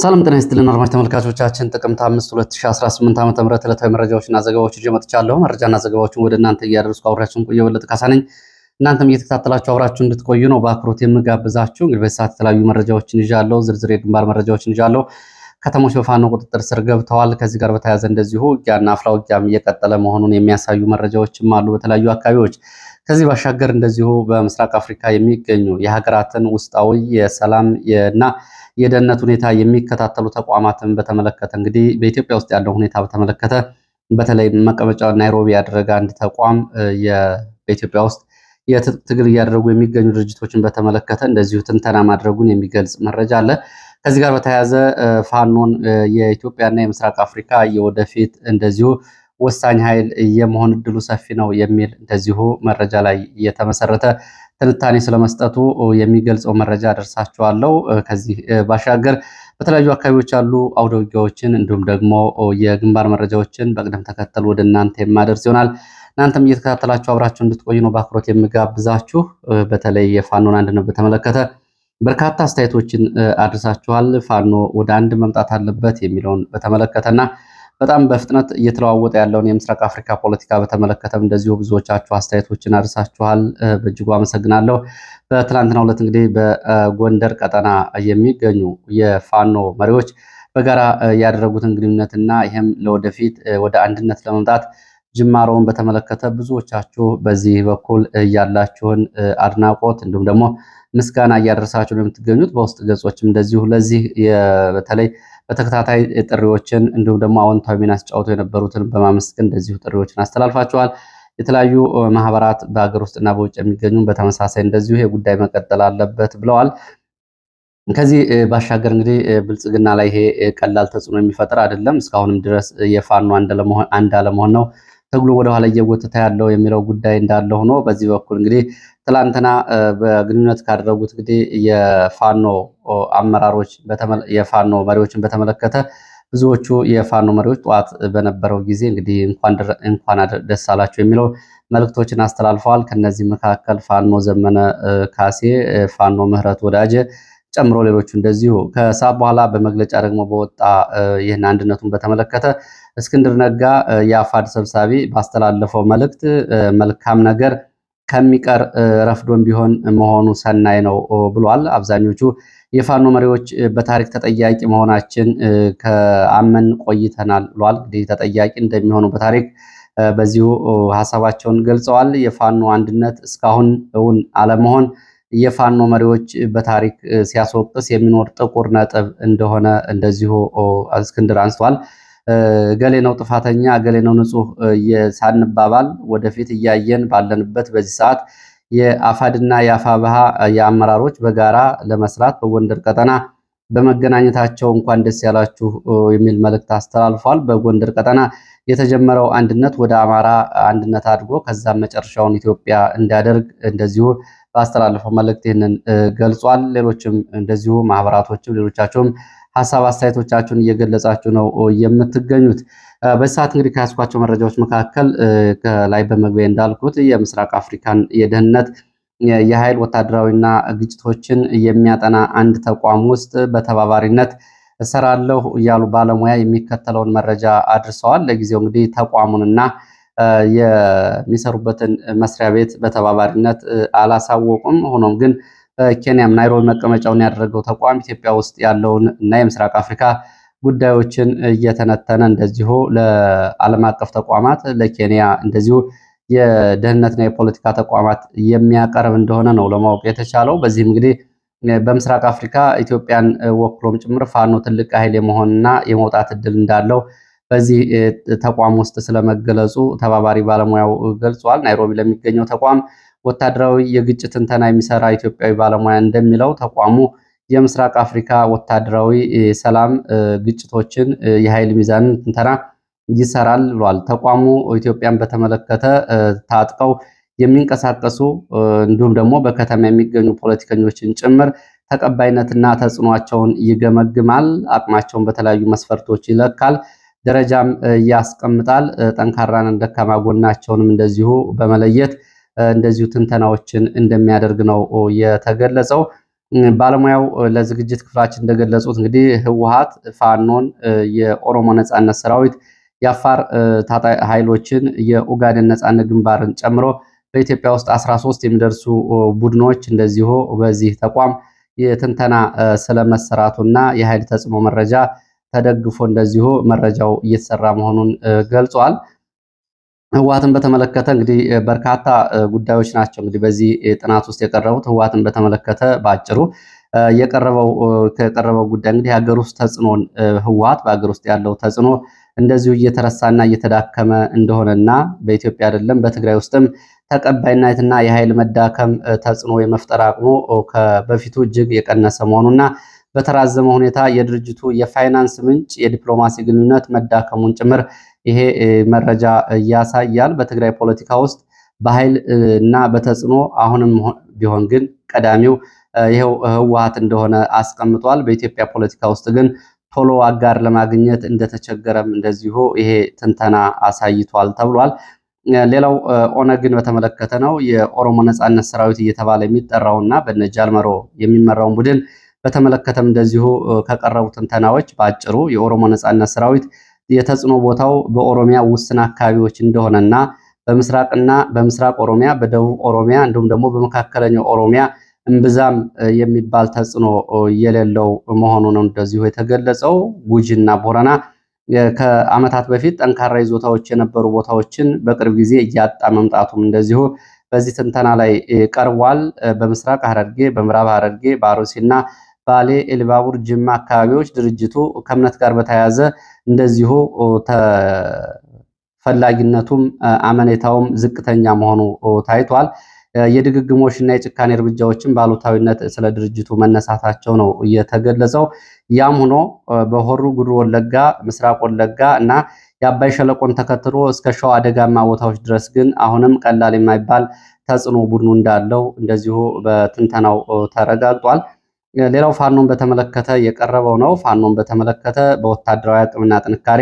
ሰላም ጤና ይስጥልን አድማጭ ተመልካቾቻችን፣ ጥቅምት 5 2018 ዓ.ም ተመረተ ዕለታዊ መረጃዎችና ዘገባዎች ይዤ መጥቻለሁ። መረጃና ዘገባዎችን ወደ እናንተ እያደረስኩ አብራችሁን ቆየ በለጠ ካሳ ነኝ። እናንተም እየተከታተላችሁ አብራችሁ እንድትቆዩ ነው በአክብሮት የምጋብዛችሁ። እንግዲህ በዚህ ሰዓት የተለያዩ መረጃዎችን ይዣለሁ። ዝርዝር የግንባር መረጃዎችን ይዣለሁ። ከተሞች በፋኖ ቁጥጥር ስር ገብተዋል። ከዚህ ጋር በተያያዘ እንደዚሁ ውጊያና አፍላ ውጊያም እየቀጠለ መሆኑን የሚያሳዩ መረጃዎችም አሉ በተለያዩ አካባቢዎች። ከዚህ ባሻገር እንደዚሁ በምስራቅ አፍሪካ የሚገኙ የሀገራትን ውስጣዊ የሰላም እና የደህንነት ሁኔታ የሚከታተሉ ተቋማትን በተመለከተ እንግዲህ በኢትዮጵያ ውስጥ ያለው ሁኔታ በተመለከተ በተለይ መቀመጫ ናይሮቢ ያደረገ አንድ ተቋም በኢትዮጵያ ውስጥ የትጥቅ ትግል እያደረጉ የሚገኙ ድርጅቶችን በተመለከተ እንደዚሁ ትንተና ማድረጉን የሚገልጽ መረጃ አለ። ከዚህ ጋር በተያያዘ ፋኖን የኢትዮጵያና የምስራቅ አፍሪካ የወደፊት እንደዚሁ ወሳኝ ኃይል የመሆን እድሉ ሰፊ ነው የሚል እንደዚሁ መረጃ ላይ የተመሰረተ ትንታኔ ስለመስጠቱ የሚገልጸው መረጃ አደርሳችኋለሁ። ከዚህ ባሻገር በተለያዩ አካባቢዎች ያሉ አውደ ውጊያዎችን እንዲሁም ደግሞ የግንባር መረጃዎችን በቅደም ተከተል ወደ እናንተ የማደርስ ይሆናል። እናንተም እየተከታተላችሁ አብራችሁ እንድትቆዩ ነው በአክብሮት የምጋብዛችሁ። በተለይ የፋኖን አንድነት በተመለከተ በርካታ አስተያየቶችን አድርሳችኋል። ፋኖ ወደ አንድ መምጣት አለበት የሚለውን በተመለከተና በጣም በፍጥነት እየተለዋወጠ ያለውን የምስራቅ አፍሪካ ፖለቲካ በተመለከተም እንደዚሁ ብዙዎቻችሁ አስተያየቶችን አድርሳችኋል። በእጅጉ አመሰግናለሁ። በትናንትናው ዕለት እንግዲህ በጎንደር ቀጠና የሚገኙ የፋኖ መሪዎች በጋራ ያደረጉትን ግንኙነትና ይህም ለወደፊት ወደ አንድነት ለመምጣት ጅማሮውን በተመለከተ ብዙዎቻችሁ በዚህ በኩል ያላችሁን አድናቆት እንዲሁም ደግሞ ምስጋና እያደረሳችሁ ነው የምትገኙት። በውስጥ ገጾችም እንደዚሁ ለዚህ በተለይ በተከታታይ ጥሪዎችን እንዲሁም ደግሞ አዎንታዊ ሚና ሲጫወቱ የነበሩትን በማመስገን እንደዚሁ ጥሪዎችን አስተላልፋቸዋል። የተለያዩ ማህበራት በሀገር ውስጥና በውጭ የሚገኙ በተመሳሳይ እንደዚሁ ይሄ ጉዳይ መቀጠል አለበት ብለዋል። ከዚህ ባሻገር እንግዲህ ብልጽግና ላይ ይሄ ቀላል ተጽዕኖ የሚፈጥር አይደለም። እስካሁንም ድረስ የፋኖ አንድ አለመሆን ነው ትግሉ ወደኋላ እየጎተተ ያለው የሚለው ጉዳይ እንዳለ ሆኖ በዚህ በኩል እንግዲህ ትላንትና በግንኙነት ካደረጉት እንግዲህ የፋኖ አመራሮች የፋኖ መሪዎችን በተመለከተ ብዙዎቹ የፋኖ መሪዎች ጠዋት በነበረው ጊዜ እንግዲህ እንኳን ደስ አላቸው የሚለው መልእክቶችን አስተላልፈዋል። ከነዚህ መካከል ፋኖ ዘመነ ካሴ፣ ፋኖ ምህረት ወዳጀ ጨምሮ ሌሎቹ እንደዚሁ ከሰዓት በኋላ በመግለጫ ደግሞ በወጣ ይህን አንድነቱን በተመለከተ እስክንድር ነጋ የአፋድ ሰብሳቢ ባስተላለፈው መልእክት መልካም ነገር ከሚቀር ረፍዶን ቢሆን መሆኑ ሰናይ ነው ብሏል። አብዛኞቹ የፋኖ መሪዎች በታሪክ ተጠያቂ መሆናችን ከአመን ቆይተናል ብሏል። እንግዲህ ተጠያቂ እንደሚሆኑ በታሪክ በዚሁ ሀሳባቸውን ገልጸዋል። የፋኖ አንድነት እስካሁን እውን አለመሆን የፋኖ መሪዎች በታሪክ ሲያስወቅስ የሚኖር ጥቁር ነጥብ እንደሆነ እንደዚሁ እስክንድር አንስቷል። ገሌ ነው ጥፋተኛ፣ ገሌ ነው ንጹህ ሳንባባል ወደፊት እያየን ባለንበት በዚህ ሰዓት የአፋድና የአፋብሃ የአመራሮች በጋራ ለመስራት በጎንደር ቀጠና በመገናኘታቸው እንኳን ደስ ያላችሁ የሚል መልእክት አስተላልፏል። በጎንደር ቀጠና የተጀመረው አንድነት ወደ አማራ አንድነት አድጎ ከዛም መጨረሻውን ኢትዮጵያ እንዲያደርግ እንደዚሁ ባስተላለፈው መልእክት ይህንን ገልጿል። ሌሎችም እንደዚሁ ማህበራቶችም ሌሎቻቸውም ሀሳብ አስተያየቶቻችሁን እየገለጻችሁ ነው የምትገኙት። በሰዓት እንግዲህ ከያዝኳቸው መረጃዎች መካከል ከላይ በመግቢያ እንዳልኩት የምስራቅ አፍሪካን የደህንነት የኃይል ወታደራዊና ግጭቶችን የሚያጠና አንድ ተቋም ውስጥ በተባባሪነት እሰራለሁ እያሉ ባለሙያ የሚከተለውን መረጃ አድርሰዋል። ለጊዜው እንግዲህ ተቋሙንና የሚሰሩበትን መስሪያ ቤት በተባባሪነት አላሳወቁም። ሆኖም ግን በኬንያም ናይሮቢ መቀመጫውን ያደረገው ተቋም ኢትዮጵያ ውስጥ ያለውን እና የምስራቅ አፍሪካ ጉዳዮችን እየተነተነ እንደዚሁ ለዓለም አቀፍ ተቋማት ለኬንያ እንደዚሁ የደህንነትና የፖለቲካ ተቋማት የሚያቀርብ እንደሆነ ነው ለማወቅ የተቻለው። በዚህም እንግዲህ በምስራቅ አፍሪካ ኢትዮጵያን ወክሎም ጭምር ፋኖ ትልቅ ኃይል የመሆንና የመውጣት እድል እንዳለው በዚህ ተቋም ውስጥ ስለመገለጹ ተባባሪ ባለሙያው ገልጿል። ናይሮቢ ለሚገኘው ተቋም ወታደራዊ የግጭት ትንተና የሚሰራ ኢትዮጵያዊ ባለሙያ እንደሚለው ተቋሙ የምስራቅ አፍሪካ ወታደራዊ ሰላም፣ ግጭቶችን፣ የኃይል ሚዛንን ትንተና ይሰራል ብሏል። ተቋሙ ኢትዮጵያን በተመለከተ ታጥቀው የሚንቀሳቀሱ እንዲሁም ደግሞ በከተማ የሚገኙ ፖለቲከኞችን ጭምር ተቀባይነትና ተጽዕኖቸውን ይገመግማል። አቅማቸውን በተለያዩ መስፈርቶች ይለካል፣ ደረጃም ያስቀምጣል። ጠንካራን ደካማ ጎናቸውንም እንደዚሁ በመለየት እንደዚሁ ትንተናዎችን እንደሚያደርግ ነው የተገለጸው። ባለሙያው ለዝግጅት ክፍላችን እንደገለጹት እንግዲህ ህወሓት ፋኖን፣ የኦሮሞ ነጻነት ሰራዊት የአፋር ኃይሎችን የኦጋዴን ነፃነት ግንባርን ጨምሮ በኢትዮጵያ ውስጥ 13 የሚደርሱ ቡድኖች እንደዚሁ በዚህ ተቋም የትንተና ስለመሰራቱና የኃይል ተጽዕኖ መረጃ ተደግፎ እንደዚሁ መረጃው እየተሰራ መሆኑን ገልጿል። ህወሓትን በተመለከተ እንግዲህ በርካታ ጉዳዮች ናቸው እንግዲህ በዚህ ጥናት ውስጥ የቀረቡት። ህወሓትን በተመለከተ በአጭሩ የቀረበው ከቀረበው ጉዳይ እንግዲህ የሀገር ውስጥ ተጽዕኖን ህወሓት በሀገር ውስጥ ያለው ተጽዕኖ እንደዚሁ እየተረሳና እየተዳከመ እንደሆነና በኢትዮጵያ አይደለም በትግራይ ውስጥም ተቀባይነትና የኃይል መዳከም ተጽዕኖ የመፍጠር አቅሙ በፊቱ እጅግ የቀነሰ መሆኑና በተራዘመ ሁኔታ የድርጅቱ የፋይናንስ ምንጭ የዲፕሎማሲ ግንኙነት መዳከሙን ጭምር ይሄ መረጃ ያሳያል። በትግራይ ፖለቲካ ውስጥ በኃይል እና በተጽዕኖ አሁንም ቢሆን ግን ቀዳሚው ይኸው ህወሓት እንደሆነ አስቀምጧል። በኢትዮጵያ ፖለቲካ ውስጥ ግን ቶሎ አጋር ለማግኘት እንደተቸገረም እንደዚሁ ይሄ ትንተና አሳይቷል ተብሏል። ሌላው ኦነግን በተመለከተ ነው። የኦሮሞ ነጻነት ሰራዊት እየተባለ የሚጠራውና በነጃል መሮ የሚመራውን ቡድን በተመለከተም እንደዚሁ ከቀረቡ ትንተናዎች በአጭሩ የኦሮሞ ነጻነት ሰራዊት የተጽዕኖ ቦታው በኦሮሚያ ውስን አካባቢዎች እንደሆነና በምስራቅና በምስራቅ ኦሮሚያ፣ በደቡብ ኦሮሚያ እንዲሁም ደግሞ በመካከለኛው ኦሮሚያ እምብዛም የሚባል ተጽዕኖ የሌለው መሆኑ ነው እንደዚሁ የተገለጸው። ጉጂና ቦረና ከዓመታት በፊት ጠንካራ ይዞታዎች የነበሩ ቦታዎችን በቅርብ ጊዜ እያጣ መምጣቱም እንደዚሁ በዚህ ትንተና ላይ ቀርቧል። በምስራቅ ሐረርጌ፣ በምዕራብ ሐረርጌ፣ በአሮሲና ባሌ፣ ኤልባቡር፣ ጅማ አካባቢዎች ድርጅቱ ከእምነት ጋር በተያያዘ እንደዚሁ ተፈላጊነቱም አመኔታውም ዝቅተኛ መሆኑ ታይቷል። የድግግሞሽ እና የጭካኔ እርምጃዎችን ባሉታዊነት ስለ ድርጅቱ መነሳታቸው ነው የተገለጸው። ያም ሆኖ በሆሩ ጉድሩ ወለጋ፣ ምስራቅ ወለጋ እና የአባይ ሸለቆን ተከትሎ እስከ ሸዋ አደጋማ ቦታዎች ድረስ ግን አሁንም ቀላል የማይባል ተጽዕኖ ቡድኑ እንዳለው እንደዚሁ በትንተናው ተረጋግጧል። ሌላው ፋኖን በተመለከተ የቀረበው ነው። ፋኖን በተመለከተ በወታደራዊ አቅምና ጥንካሬ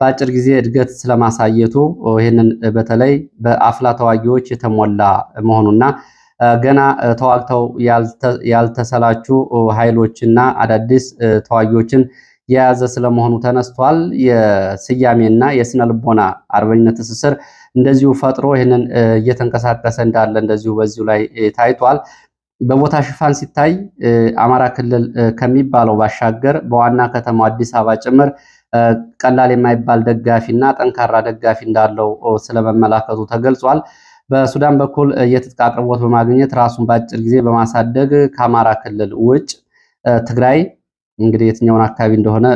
በአጭር ጊዜ እድገት ስለማሳየቱ ይህንን በተለይ በአፍላ ተዋጊዎች የተሞላ መሆኑና ገና ተዋግተው ያልተሰላቹ ኃይሎችና አዳዲስ ተዋጊዎችን የያዘ ስለመሆኑ ተነስቷል። የስያሜና የስነ ልቦና አርበኝነት ትስስር እንደዚሁ ፈጥሮ ይህንን እየተንቀሳቀሰ እንዳለ እንደዚሁ በዚሁ ላይ ታይቷል። በቦታ ሽፋን ሲታይ አማራ ክልል ከሚባለው ባሻገር በዋና ከተማው አዲስ አበባ ጭምር ቀላል የማይባል ደጋፊ እና ጠንካራ ደጋፊ እንዳለው ስለመመላከቱ ተገልጿል። በሱዳን በኩል የትጥቅ አቅርቦት በማግኘት ራሱን በአጭር ጊዜ በማሳደግ ከአማራ ክልል ውጭ ትግራይ እንግዲህ የትኛውን አካባቢ እንደሆነ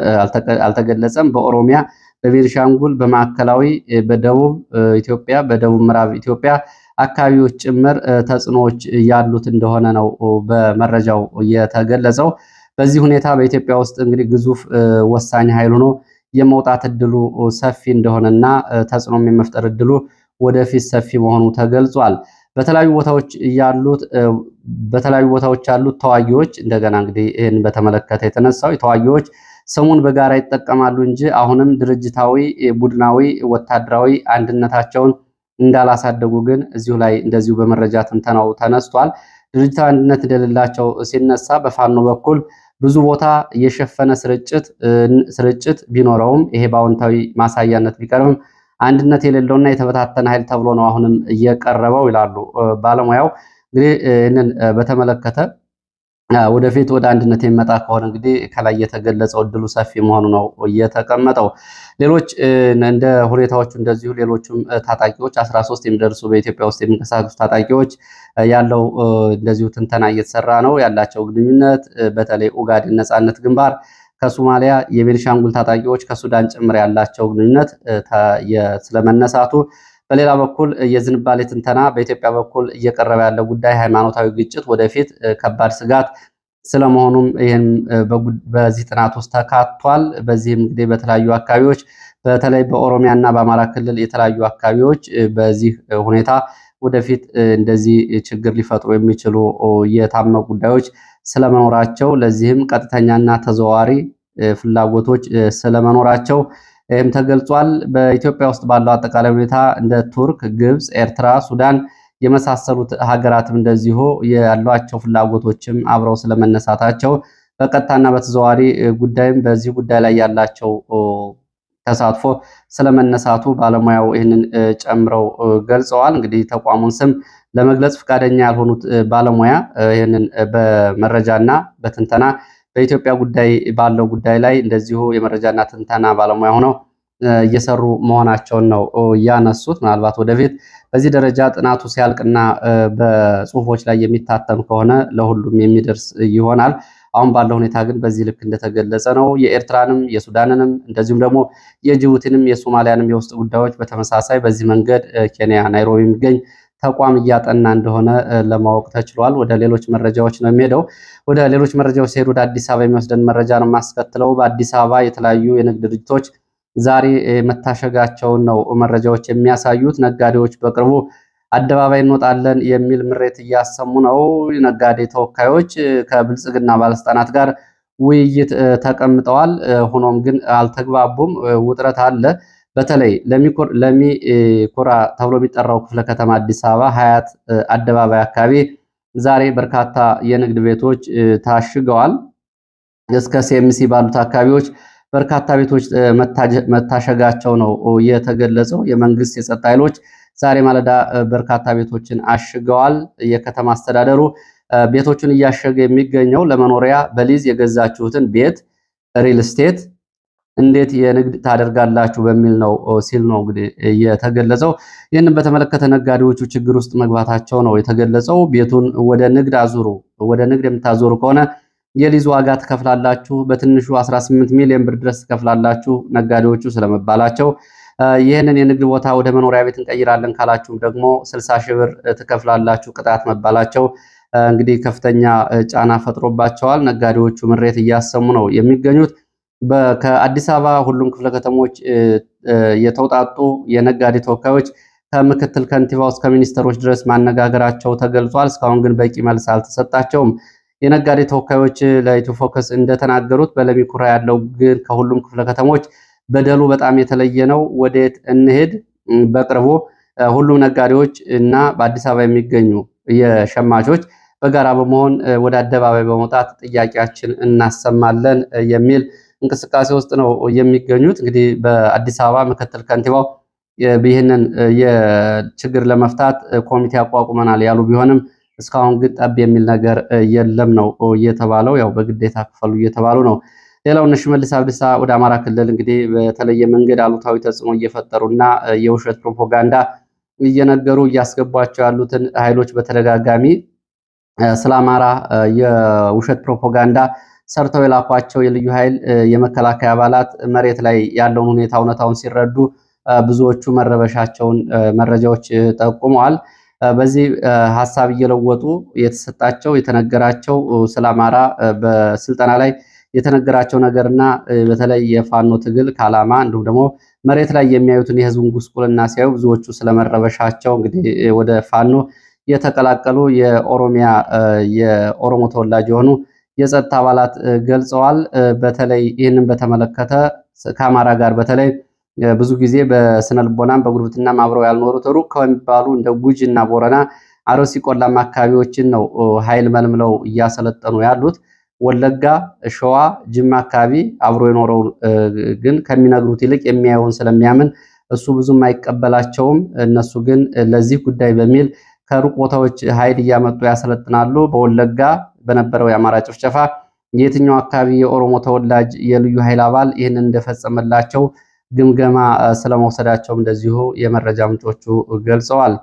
አልተገለጸም። በኦሮሚያ፣ በቤንሻንጉል፣ በማዕከላዊ፣ በደቡብ ኢትዮጵያ፣ በደቡብ ምዕራብ ኢትዮጵያ አካባቢዎች ጭምር ተጽዕኖዎች ያሉት እንደሆነ ነው በመረጃው የተገለጸው። በዚህ ሁኔታ በኢትዮጵያ ውስጥ እንግዲህ ግዙፍ ወሳኝ ኃይል ሆኖ የመውጣት እድሉ ሰፊ እንደሆነና ተጽዕኖም የመፍጠር እድሉ ወደፊት ሰፊ መሆኑ ተገልጿል። በተለያዩ ቦታዎች ያሉት በተለያዩ ቦታዎች ያሉት ተዋጊዎች እንደገና እንግዲህ ይህን በተመለከተ የተነሳው ተዋጊዎች ስሙን በጋራ ይጠቀማሉ እንጂ አሁንም ድርጅታዊ፣ ቡድናዊ፣ ወታደራዊ አንድነታቸውን እንዳላሳደጉ ግን እዚሁ ላይ እንደዚሁ በመረጃ ትንተናው ተነስቷል። ድርጅታዊ አንድነት እንደሌላቸው ሲነሳ በፋኖ በኩል ብዙ ቦታ የሸፈነ ስርጭት ቢኖረውም ይሄ በአዎንታዊ ማሳያነት ቢቀርብም አንድነት የሌለውና የተበታተነ ኃይል ተብሎ ነው አሁንም እየቀረበው ይላሉ ባለሙያው። እንግዲህ ይህንን በተመለከተ ወደፊት ወደ አንድነት የሚመጣ ከሆነ እንግዲህ ከላይ የተገለጸው እድሉ ሰፊ መሆኑ ነው የተቀመጠው። ሌሎች እንደ ሁኔታዎቹ እንደዚሁ ሌሎቹም ታጣቂዎች አስራ ሶስት የሚደርሱ በኢትዮጵያ ውስጥ የሚንቀሳቀሱ ታጣቂዎች ያለው እንደዚሁ ትንተና እየተሰራ ነው። ያላቸው ግንኙነት በተለይ ኡጋዴን ነፃነት ግንባር ከሶማሊያ የቤኒሻንጉል ታጣቂዎች ከሱዳን ጭምር ያላቸው ግንኙነት ስለመነሳቱ በሌላ በኩል የዝንባሌ ትንተና በኢትዮጵያ በኩል እየቀረበ ያለ ጉዳይ ሃይማኖታዊ ግጭት ወደፊት ከባድ ስጋት ስለመሆኑም ይህም በዚህ ጥናት ውስጥ ተካቷል። በዚህም እንግዲህ በተለያዩ አካባቢዎች በተለይ በኦሮሚያ እና በአማራ ክልል የተለያዩ አካባቢዎች በዚህ ሁኔታ ወደፊት እንደዚህ ችግር ሊፈጥሩ የሚችሉ የታመቁ ጉዳዮች ስለመኖራቸው ለዚህም ቀጥተኛና ተዘዋዋሪ ፍላጎቶች ስለመኖራቸው ይህም ተገልጿል። በኢትዮጵያ ውስጥ ባለው አጠቃላይ ሁኔታ እንደ ቱርክ፣ ግብፅ፣ ኤርትራ፣ ሱዳን የመሳሰሉት ሀገራትም እንደዚሁ ያሏቸው ፍላጎቶችም አብረው ስለመነሳታቸው በቀጥታና በተዘዋዋሪ ጉዳይም በዚህ ጉዳይ ላይ ያላቸው ተሳትፎ ስለመነሳቱ ባለሙያው ይህንን ጨምረው ገልጸዋል። እንግዲህ ተቋሙን ስም ለመግለጽ ፈቃደኛ ያልሆኑት ባለሙያ ይህንን በመረጃና በትንተና በኢትዮጵያ ጉዳይ ባለው ጉዳይ ላይ እንደዚሁ የመረጃና ትንተና ባለሙያ ሆነው እየሰሩ መሆናቸውን ነው ያነሱት። ምናልባት ወደፊት በዚህ ደረጃ ጥናቱ ሲያልቅና በጽሁፎች ላይ የሚታተም ከሆነ ለሁሉም የሚደርስ ይሆናል። አሁን ባለው ሁኔታ ግን በዚህ ልክ እንደተገለጸ ነው። የኤርትራንም የሱዳንንም እንደዚሁም ደግሞ የጅቡቲንም የሶማሊያንም የውስጥ ጉዳዮች በተመሳሳይ በዚህ መንገድ ኬንያ ናይሮቢ የሚገኝ ተቋም እያጠና እንደሆነ ለማወቅ ተችሏል። ወደ ሌሎች መረጃዎች ነው የሚሄደው። ወደ ሌሎች መረጃዎች ሲሄዱ ወደ አዲስ አበባ የሚወስደን መረጃ ነው የማስከትለው። በአዲስ አበባ የተለያዩ የንግድ ድርጅቶች ዛሬ መታሸጋቸውን ነው መረጃዎች የሚያሳዩት። ነጋዴዎች በቅርቡ አደባባይ እንወጣለን የሚል ምሬት እያሰሙ ነው። ነጋዴ ተወካዮች ከብልጽግና ባለስልጣናት ጋር ውይይት ተቀምጠዋል። ሆኖም ግን አልተግባቡም፣ ውጥረት አለ። በተለይ ለሚኩራ ተብሎ የሚጠራው ክፍለ ከተማ አዲስ አበባ ሀያት አደባባይ አካባቢ ዛሬ በርካታ የንግድ ቤቶች ታሽገዋል። እስከ ሲኤምሲ ባሉት አካባቢዎች በርካታ ቤቶች መታሸጋቸው ነው የተገለጸው። የመንግስት የጸጥታ ኃይሎች ዛሬ ማለዳ በርካታ ቤቶችን አሽገዋል። የከተማ አስተዳደሩ ቤቶቹን እያሸገ የሚገኘው ለመኖሪያ በሊዝ የገዛችሁትን ቤት ሪል ስቴት እንዴት የንግድ ታደርጋላችሁ በሚል ነው ሲል ነው እንግዲህ የተገለጸው። ይህንን በተመለከተ ነጋዴዎቹ ችግር ውስጥ መግባታቸው ነው የተገለጸው። ቤቱን ወደ ንግድ አዙሩ፣ ወደ ንግድ የምታዞሩ ከሆነ የሊዝ ዋጋ ትከፍላላችሁ፣ በትንሹ 18 ሚሊዮን ብር ድረስ ትከፍላላችሁ ነጋዴዎቹ ስለመባላቸው ይህንን የንግድ ቦታ ወደ መኖሪያ ቤት እንቀይራለን ካላችሁም ደግሞ 60 ሺህ ብር ትከፍላላችሁ ቅጣት መባላቸው እንግዲህ ከፍተኛ ጫና ፈጥሮባቸዋል። ነጋዴዎቹ ምሬት እያሰሙ ነው የሚገኙት። ከአዲስ አበባ ሁሉም ክፍለ ከተሞች የተውጣጡ የነጋዴ ተወካዮች ከምክትል ከንቲባው እስከ ሚኒስትሮች ድረስ ማነጋገራቸው ተገልጿል። እስካሁን ግን በቂ መልስ አልተሰጣቸውም። የነጋዴ ተወካዮች ለኢትዮ ፎከስ እንደተናገሩት በለሚ ኩራ ያለው ግን ከሁሉም ክፍለ ከተሞች በደሉ በጣም የተለየ ነው። ወዴት እንሄድ? በቅርቡ ሁሉም ነጋዴዎች እና በአዲስ አበባ የሚገኙ የሸማቾች በጋራ በመሆን ወደ አደባባይ በመውጣት ጥያቄያችን እናሰማለን የሚል እንቅስቃሴ ውስጥ ነው የሚገኙት። እንግዲህ በአዲስ አበባ ምክትል ከንቲባው ይህንን የችግር ለመፍታት ኮሚቴ አቋቁመናል ያሉ ቢሆንም እስካሁን ግን ጠብ የሚል ነገር የለም ነው እየተባለው። ያው በግዴታ ክፈሉ እየተባሉ ነው። ሌላው እነ ሽመልስ አብዲሳ ወደ አማራ ክልል እንግዲህ በተለየ መንገድ አሉታዊ ተጽዕኖ እየፈጠሩና የውሸት ፕሮፓጋንዳ እየነገሩ እያስገቧቸው ያሉትን ኃይሎች በተደጋጋሚ ስለ አማራ የውሸት ፕሮፓጋንዳ ሰርተው የላኳቸው የልዩ ኃይል የመከላከያ አባላት መሬት ላይ ያለውን ሁኔታ እውነታውን ሲረዱ ብዙዎቹ መረበሻቸውን መረጃዎች ጠቁመዋል። በዚህ ሀሳብ እየለወጡ የተሰጣቸው የተነገራቸው ስለ አማራ በስልጠና ላይ የተነገራቸው ነገርና በተለይ የፋኖ ትግል ከዓላማ እንዲሁም ደግሞ መሬት ላይ የሚያዩትን የህዝቡን ጉስቁልና ሲያዩ ብዙዎቹ ስለመረበሻቸው እንግዲህ ወደ ፋኖ የተቀላቀሉ የኦሮሚያ የኦሮሞ ተወላጅ የሆኑ የጸጥታ አባላት ገልጸዋል። በተለይ ይህንን በተመለከተ ከአማራ ጋር በተለይ ብዙ ጊዜ በስነ ልቦናም በጉርብትናም አብረው ያልኖሩት ሩቅ ከሚባሉ እንደ ጉጂ እና ቦረና፣ አርሲ ቆላማ አካባቢዎችን ነው ኃይል መልምለው እያሰለጠኑ ያሉት። ወለጋ፣ ሸዋ፣ ጅማ አካባቢ አብሮ የኖረው ግን ከሚነግሩት ይልቅ የሚያየውን ስለሚያምን እሱ ብዙም አይቀበላቸውም። እነሱ ግን ለዚህ ጉዳይ በሚል ከሩቅ ቦታዎች ኃይል እያመጡ ያሰለጥናሉ። በወለጋ በነበረው የአማራ ጭፍጨፋ የትኛው አካባቢ የኦሮሞ ተወላጅ የልዩ ኃይል አባል ይህንን እንደፈጸመላቸው ግምገማ ስለመውሰዳቸው እንደዚሁ የመረጃ ምንጮቹ ገልጸዋል።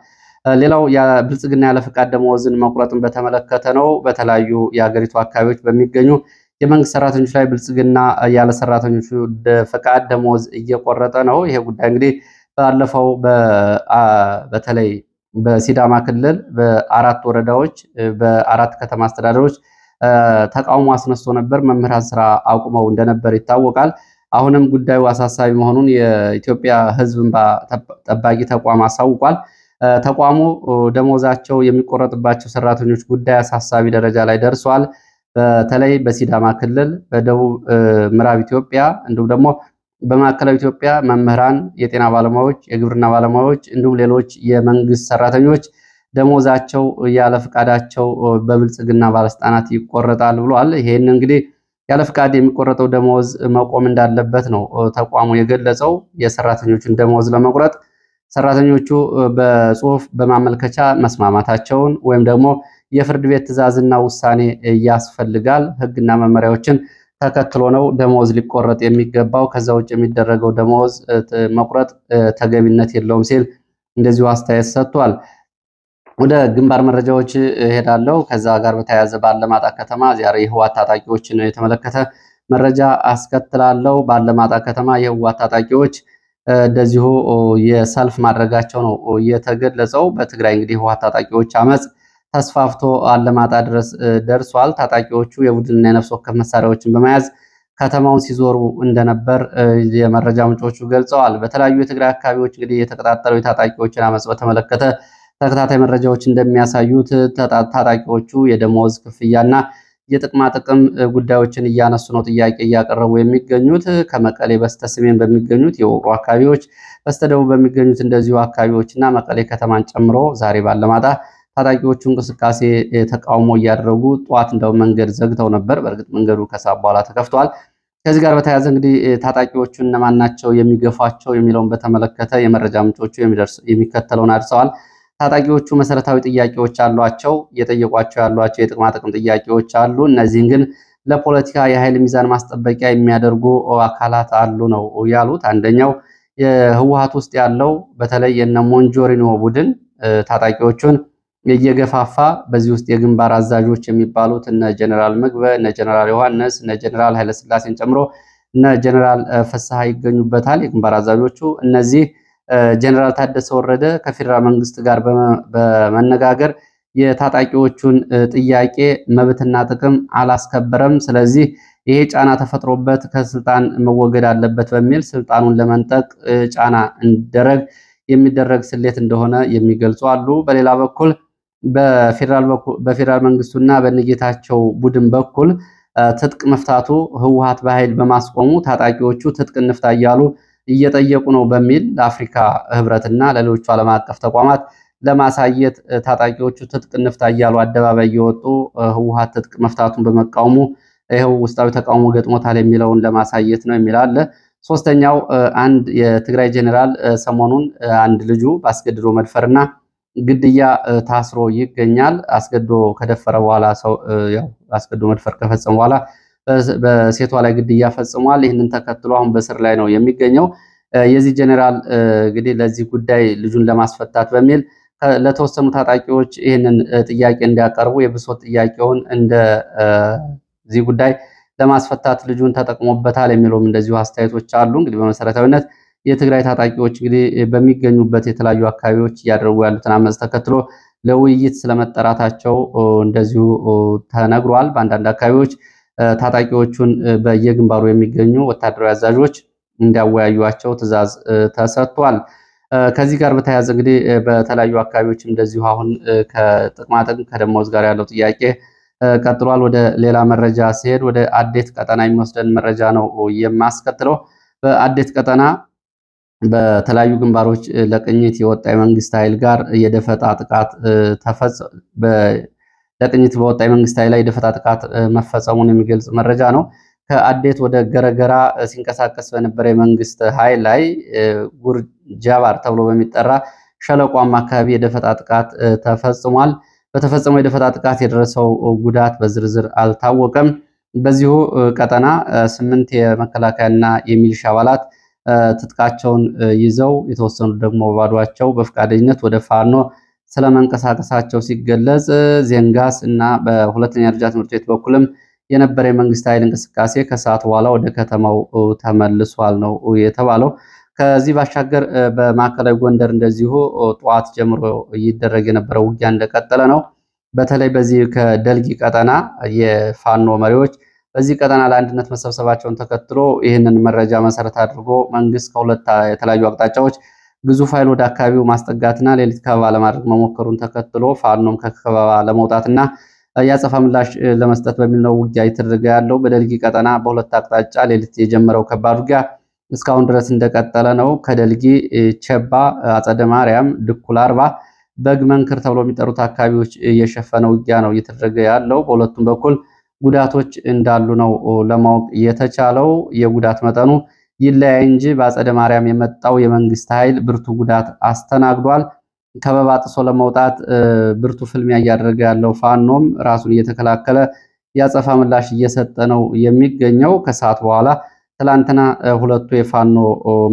ሌላው ብልጽግና ያለ ፈቃድ ደመወዝን መቁረጥን በተመለከተ ነው። በተለያዩ የሀገሪቱ አካባቢዎች በሚገኙ የመንግስት ሰራተኞች ላይ ብልጽግና ያለ ሰራተኞቹ ፈቃድ ደመወዝ እየቆረጠ ነው። ይሄ ጉዳይ እንግዲህ ባለፈው በተለይ በሲዳማ ክልል በአራት ወረዳዎች በአራት ከተማ አስተዳደሮች ተቃውሞ አስነስቶ ነበር። መምህራን ስራ አቁመው እንደነበር ይታወቃል። አሁንም ጉዳዩ አሳሳቢ መሆኑን የኢትዮጵያ ሕዝብ እንባ ጠባቂ ተቋም አሳውቋል። ተቋሙ ደሞዛቸው የሚቆረጥባቸው ሰራተኞች ጉዳይ አሳሳቢ ደረጃ ላይ ደርሷል። በተለይ በሲዳማ ክልል፣ በደቡብ ምዕራብ ኢትዮጵያ እንዲሁም ደግሞ በማዕከላዊ ኢትዮጵያ መምህራን፣ የጤና ባለሙያዎች፣ የግብርና ባለሙያዎች እንዲሁም ሌሎች የመንግስት ሰራተኞች ደሞዛቸው ያለ ፍቃዳቸው በብልጽግና ባለስልጣናት ይቆረጣል ብሏል። ይሄን እንግዲህ ያለ ፍቃድ የሚቆረጠው ደሞዝ መቆም እንዳለበት ነው ተቋሙ የገለጸው። የሰራተኞቹን ደሞዝ ለመቁረጥ ሰራተኞቹ በጽሁፍ በማመልከቻ መስማማታቸውን ወይም ደግሞ የፍርድ ቤት ትዕዛዝና ውሳኔ ያስፈልጋል ህግና መመሪያዎችን ተከትሎ ነው ደመወዝ ሊቆረጥ የሚገባው። ከዛ ውጭ የሚደረገው ደመወዝ መቁረጥ ተገቢነት የለውም ሲል እንደዚሁ አስተያየት ሰጥቷል። ወደ ግንባር መረጃዎች እሄዳለሁ። ከዛ ጋር በተያያዘ በአለማጣ ከተማ ዛሬ የህወሓት ታጣቂዎችን የተመለከተ መረጃ አስከትላለሁ። በአለማጣ ከተማ የህወሓት ታጣቂዎች እንደዚሁ የሰልፍ ማድረጋቸው ነው የተገለጸው። በትግራይ እንግዲህ የህወሓት ታጣቂዎች አመፅ ተስፋፍቶ አለማጣ ድረስ ደርሷል። ታጣቂዎቹ የቡድንና የነፍስ ወከፍ መሳሪያዎችን በመያዝ ከተማውን ሲዞሩ እንደነበር የመረጃ ምንጮቹ ገልጸዋል። በተለያዩ የትግራይ አካባቢዎች እንግዲህ የተቀጣጠለው የታጣቂዎችን አመፅ በተመለከተ ተከታታይ መረጃዎች እንደሚያሳዩት ታጣቂዎቹ የደሞዝ ክፍያና የጥቅማ ጥቅም ጉዳዮችን እያነሱ ነው ጥያቄ እያቀረቡ የሚገኙት። ከመቀሌ በስተ ሰሜን በሚገኙት የውቅሮ አካባቢዎች፣ በስተደቡብ በሚገኙት እንደዚሁ እና መቀሌ ከተማን ጨምሮ ዛሬ ባለማጣ ታጣቂዎቹ እንቅስቃሴ ተቃውሞ እያደረጉ ጠዋት እንደው መንገድ ዘግተው ነበር። በእርግጥ መንገዱ ከሰዓት በኋላ ተከፍቷል። ከዚህ ጋር በተያያዘ እንግዲህ ታጣቂዎቹ እነማን ናቸው የሚገፏቸው የሚለውን በተመለከተ የመረጃ ምንጮቹ የሚከተለውን አድርሰዋል። ታጣቂዎቹ መሰረታዊ ጥያቄዎች አሏቸው። እየጠየቋቸው ያሏቸው የጥቅማ ጥቅም ጥያቄዎች አሉ። እነዚህን ግን ለፖለቲካ የኃይል ሚዛን ማስጠበቂያ የሚያደርጉ አካላት አሉ ነው ያሉት። አንደኛው የህወሀት ውስጥ ያለው በተለይ የነ ሞንጆሪኖ ቡድን ታጣቂዎቹን እየገፋፋ በዚህ ውስጥ የግንባር አዛዦች የሚባሉት እነ ጀነራል ምግበ፣ እነ ጀነራል ዮሐንስ፣ እነ ጀነራል ኃይለስላሴን ጨምሮ እነ ጀነራል ፍስሐ ይገኙበታል። የግንባር አዛዦቹ እነዚህ ጀነራል ታደሰ ወረደ ከፌዴራል መንግስት ጋር በመነጋገር የታጣቂዎቹን ጥያቄ መብትና ጥቅም አላስከበረም። ስለዚህ ይሄ ጫና ተፈጥሮበት ከስልጣን መወገድ አለበት በሚል ስልጣኑን ለመንጠቅ ጫና እንደረግ የሚደረግ ስሌት እንደሆነ የሚገልጹ አሉ። በሌላ በኩል በፌዴራል መንግስቱና በነጌታቸው ቡድን በኩል ትጥቅ መፍታቱ ህወሀት በኃይል በማስቆሙ ታጣቂዎቹ ትጥቅ እንፍታ እያሉ እየጠየቁ ነው በሚል ለአፍሪካ ህብረትና ለሌሎቹ ዓለም አቀፍ ተቋማት ለማሳየት ታጣቂዎቹ ትጥቅ እንፍታ እያሉ አደባባይ እየወጡ ህወሀት ትጥቅ መፍታቱን በመቃወሙ ይኸው ውስጣዊ ተቃውሞ ገጥሞታል የሚለውን ለማሳየት ነው የሚል አለ። ሶስተኛው አንድ የትግራይ ጄኔራል ሰሞኑን አንድ ልጁ በአስገድዶ መድፈርና ግድያ ታስሮ ይገኛል። አስገዶ ከደፈረ በኋላ ሰው ያው አስገዶ መድፈር ከፈጸመ በኋላ በሴቷ ላይ ግድያ ፈጽሟል። ይህንን ተከትሎ አሁን በስር ላይ ነው የሚገኘው። የዚህ ጀኔራል እንግዲህ ለዚህ ጉዳይ ልጁን ለማስፈታት በሚል ለተወሰኑ ታጣቂዎች ይህንን ጥያቄ እንዲያቀርቡ የብሶት ጥያቄውን እንደዚህ ጉዳይ ለማስፈታት ልጁን ተጠቅሞበታል የሚለውም እንደዚሁ አስተያየቶች አሉ። እንግዲህ በመሰረታዊነት የትግራይ ታጣቂዎች እንግዲህ በሚገኙበት የተለያዩ አካባቢዎች እያደረጉ ያሉትን አመፅ ተከትሎ ለውይይት ስለመጠራታቸው እንደዚሁ ተነግሯል። በአንዳንድ አካባቢዎች ታጣቂዎቹን በየግንባሩ የሚገኙ ወታደራዊ አዛዦች እንዲያወያዩቸው ትዕዛዝ ተሰጥቷል። ከዚህ ጋር በተያያዘ እንግዲህ በተለያዩ አካባቢዎች እንደዚሁ አሁን ከጥቅማጥቅም ከደሞዝ ጋር ያለው ጥያቄ ቀጥሏል። ወደ ሌላ መረጃ ሲሄድ ወደ አዴት ቀጠና የሚወስደን መረጃ ነው የማስከትለው። በአዴት ቀጠና በተለያዩ ግንባሮች ለቅኝት የወጣ የመንግስት ኃይል ጋር የደፈጣ ጥቃት ለቅኝት በወጣ የመንግስት ኃይል ላይ የደፈጣ ጥቃት መፈጸሙን የሚገልጽ መረጃ ነው። ከአዴት ወደ ገረገራ ሲንቀሳቀስ በነበረ የመንግስት ኃይል ላይ ጉርጃባር ተብሎ በሚጠራ ሸለቋማ አካባቢ የደፈጣ ጥቃት ተፈጽሟል። በተፈጸመው የደፈጣ ጥቃት የደረሰው ጉዳት በዝርዝር አልታወቀም። በዚሁ ቀጠና ስምንት የመከላከያና የሚሊሻ አባላት ትጥቃቸውን ይዘው የተወሰኑ ደግሞ በባዷቸው በፈቃደኝነት ወደ ፋኖ ስለመንቀሳቀሳቸው ሲገለጽ፣ ዜንጋስ እና በሁለተኛ ደረጃ ትምህርት ቤት በኩልም የነበረ የመንግስት ኃይል እንቅስቃሴ ከሰዓት በኋላ ወደ ከተማው ተመልሷል ነው የተባለው። ከዚህ ባሻገር በማዕከላዊ ጎንደር እንደዚሁ ጠዋት ጀምሮ ይደረግ የነበረው ውጊያ እንደቀጠለ ነው። በተለይ በዚህ ከደልጊ ቀጠና የፋኖ መሪዎች በዚህ ቀጠና ለአንድነት መሰብሰባቸውን ተከትሎ ይህንን መረጃ መሰረት አድርጎ መንግስት ከሁለት የተለያዩ አቅጣጫዎች ግዙፍ ኃይል ወደ አካባቢው ማስጠጋትና ሌሊት ከበባ ለማድረግ መሞከሩን ተከትሎ ፋኖም ከከበባ ለመውጣትና ያጸፋ ምላሽ ለመስጠት በሚል ነው ውጊያ እየተደረገ ያለው። በደልጊ ቀጠና በሁለት አቅጣጫ ሌሊት የጀመረው ከባድ ውጊያ እስካሁን ድረስ እንደቀጠለ ነው። ከደልጊ ቸባ፣ አጸደ ማርያም፣ ድኩል አርባ፣ በግ መንክር ተብሎ የሚጠሩት አካባቢዎች እየሸፈነ ውጊያ ነው እየተደረገ ያለው በሁለቱም በኩል ጉዳቶች እንዳሉ ነው ለማወቅ የተቻለው። የጉዳት መጠኑ ይለያይ እንጂ በአጸደ ማርያም የመጣው የመንግስት ኃይል ብርቱ ጉዳት አስተናግዷል። ከበባ ጥሶ ለመውጣት ብርቱ ፍልሚያ እያደረገ ያለው ፋኖም ራሱን እየተከላከለ ያጸፋ ምላሽ እየሰጠ ነው የሚገኘው። ከሰዓት በኋላ ትላንትና ሁለቱ የፋኖ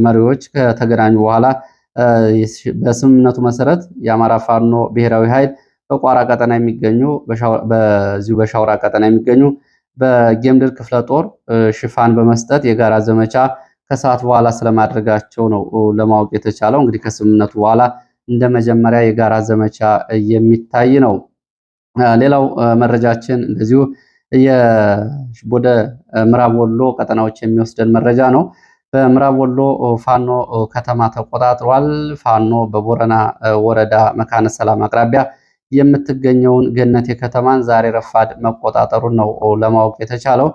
መሪዎች ከተገናኙ በኋላ በስምምነቱ መሰረት የአማራ ፋኖ ብሔራዊ ኃይል በቋራ ቀጠና የሚገኙ በዚሁ በሻውራ ቀጠና የሚገኙ በጌምድር ክፍለ ጦር ሽፋን በመስጠት የጋራ ዘመቻ ከሰዓት በኋላ ስለማድረጋቸው ነው ለማወቅ የተቻለው። እንግዲህ ከስምምነቱ በኋላ እንደ መጀመሪያ የጋራ ዘመቻ የሚታይ ነው። ሌላው መረጃችን እንደዚሁ ወደ ምዕራብ ወሎ ቀጠናዎች የሚወስደን መረጃ ነው። በምዕራብ ወሎ ፋኖ ከተማ ተቆጣጥሯል። ፋኖ በቦረና ወረዳ መካነ ሰላም አቅራቢያ የምትገኘውን ገነቴ ከተማን ዛሬ ረፋድ መቆጣጠሩን ነው ለማወቅ የተቻለው።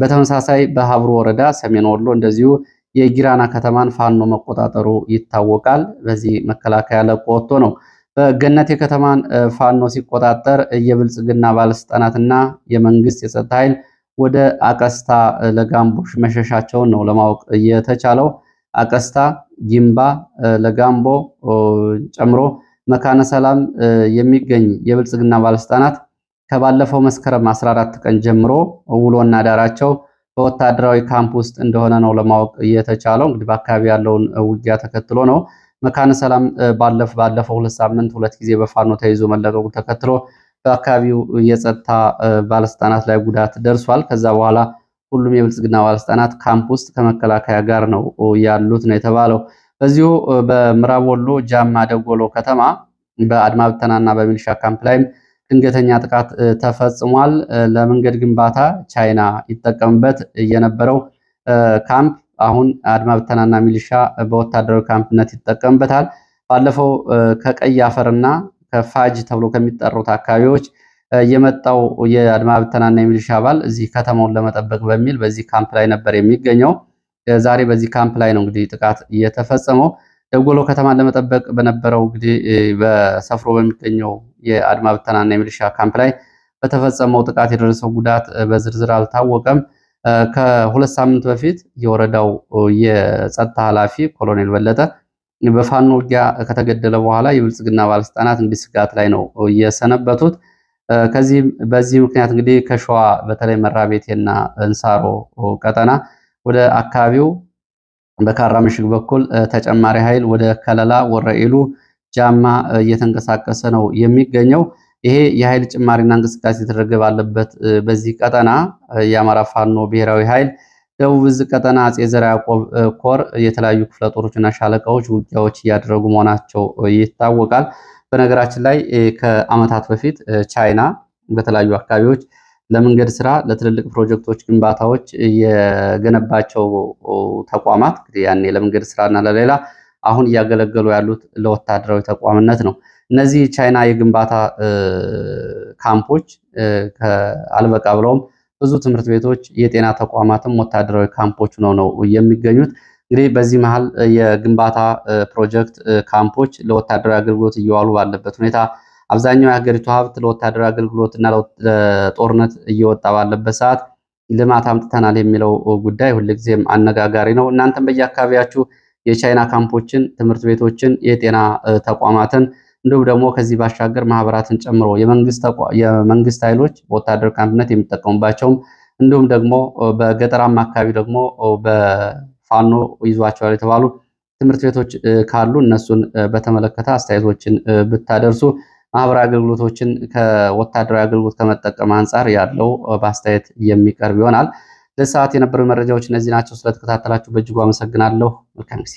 በተመሳሳይ በሀብሩ ወረዳ ሰሜን ወሎ እንደዚሁ የጊራና ከተማን ፋኖ መቆጣጠሩ ይታወቃል። በዚህ መከላከያ ለቆ ወጥቶ ነው በገነቴ ከተማን ፋኖ ሲቆጣጠር የብልጽግና ባለስልጣናትና የመንግስት የጸጥታ ኃይል ወደ አቀስታ ለጋምቦሽ መሸሻቸውን ነው ለማወቅ የተቻለው። አቀስታ፣ ጊምባ፣ ለጋምቦ ጨምሮ መካነ ሰላም የሚገኝ የብልጽግና ባለስልጣናት ከባለፈው መስከረም 14 ቀን ጀምሮ ውሎና ዳራቸው በወታደራዊ ካምፕ ውስጥ እንደሆነ ነው ለማወቅ የተቻለው። እንግዲህ በአካባቢ ያለውን ውጊያ ተከትሎ ነው። መካነ ሰላም ባለፈው ሁለት ሳምንት ሁለት ጊዜ በፋኖ ተይዞ መለቀቁ ተከትሎ በአካባቢው የጸጥታ ባለስልጣናት ላይ ጉዳት ደርሷል። ከዛ በኋላ ሁሉም የብልጽግና ባለስልጣናት ካምፕ ውስጥ ከመከላከያ ጋር ነው ያሉት ነው የተባለው። በዚሁ በምዕራብ ወሎ ጃማ ደጎሎ ከተማ በአድማ ብተናና በሚሊሻ ካምፕ ላይም ድንገተኛ ጥቃት ተፈጽሟል። ለመንገድ ግንባታ ቻይና ይጠቀምበት የነበረው ካምፕ አሁን አድማ ብተናና ሚሊሻ በወታደራዊ ካምፕነት ይጠቀምበታል። ባለፈው ከቀይ አፈርና ከፋጅ ተብሎ ከሚጠሩት አካባቢዎች የመጣው የአድማ ብተናና የሚሊሻ አባል እዚህ ከተማውን ለመጠበቅ በሚል በዚህ ካምፕ ላይ ነበር የሚገኘው። ዛሬ በዚህ ካምፕ ላይ ነው እንግዲህ ጥቃት እየተፈጸመው ደጎሎ ከተማን ለመጠበቅ በነበረው እንግዲህ በሰፍሮ በሚገኘው የአድማ ብተናና የሚሊሻ ካምፕ ላይ በተፈጸመው ጥቃት የደረሰው ጉዳት በዝርዝር አልታወቀም። ከሁለት ሳምንት በፊት የወረዳው የጸጥታ ኃላፊ ኮሎኔል በለጠ በፋኖ ውጊያ ከተገደለ በኋላ የብልጽግና ባለስልጣናት እንግዲህ ስጋት ላይ ነው የሰነበቱት። ከዚህ በዚህ ምክንያት እንግዲህ ከሸዋ በተለይ መራቤቴና እንሳሮ ቀጠና ወደ አካባቢው በካራ ምሽግ በኩል ተጨማሪ ኃይል ወደ ከለላ ወረኢሉ ጃማ እየተንቀሳቀሰ ነው የሚገኘው። ይሄ የኃይል ጭማሪና እንቅስቃሴ የተደረገ ባለበት በዚህ ቀጠና የአማራ ፋኖ ብሔራዊ ኃይል ደቡብ እዝ ቀጠና አጼ ዘርዓ ያዕቆብ ኮር የተለያዩ ክፍለ ጦሮችና ሻለቃዎች ውጊያዎች እያደረጉ መሆናቸው ይታወቃል። በነገራችን ላይ ከዓመታት በፊት ቻይና በተለያዩ አካባቢዎች ለመንገድ ስራ፣ ለትልልቅ ፕሮጀክቶች ግንባታዎች የገነባቸው ተቋማት ያኔ ለመንገድ ስራና ለሌላ አሁን እያገለገሉ ያሉት ለወታደራዊ ተቋምነት ነው። እነዚህ ቻይና የግንባታ ካምፖች አልበቃ ብለውም ብዙ ትምህርት ቤቶች፣ የጤና ተቋማትም ወታደራዊ ካምፖች ሆነው ነው የሚገኙት። እንግዲህ በዚህ መሀል የግንባታ ፕሮጀክት ካምፖች ለወታደራዊ አገልግሎት እየዋሉ ባለበት ሁኔታ አብዛኛው የሀገሪቱ ሀብት ለወታደራዊ አገልግሎትና ለጦርነት እየወጣ ባለበት ሰዓት ልማት አምጥተናል የሚለው ጉዳይ ሁልጊዜም አነጋጋሪ ነው። እናንተም በየአካባቢያችሁ የቻይና ካምፖችን፣ ትምህርት ቤቶችን፣ የጤና ተቋማትን እንዲሁም ደግሞ ከዚህ ባሻገር ማህበራትን ጨምሮ የመንግስት ኃይሎች በወታደር ካምፕነት የሚጠቀሙባቸውም እንዲሁም ደግሞ በገጠራማ አካባቢ ደግሞ በፋኖ ይዟቸዋል የተባሉ ትምህርት ቤቶች ካሉ እነሱን በተመለከተ አስተያየቶችን ብታደርሱ ማህበራዊ አገልግሎቶችን ከወታደራዊ አገልግሎት ከመጠቀም አንጻር ያለው በአስተያየት የሚቀርብ ይሆናል። ለሰዓት የነበሩ መረጃዎች እነዚህ ናቸው። ስለተከታተላችሁ በእጅጉ አመሰግናለሁ። መልካም ጊዜ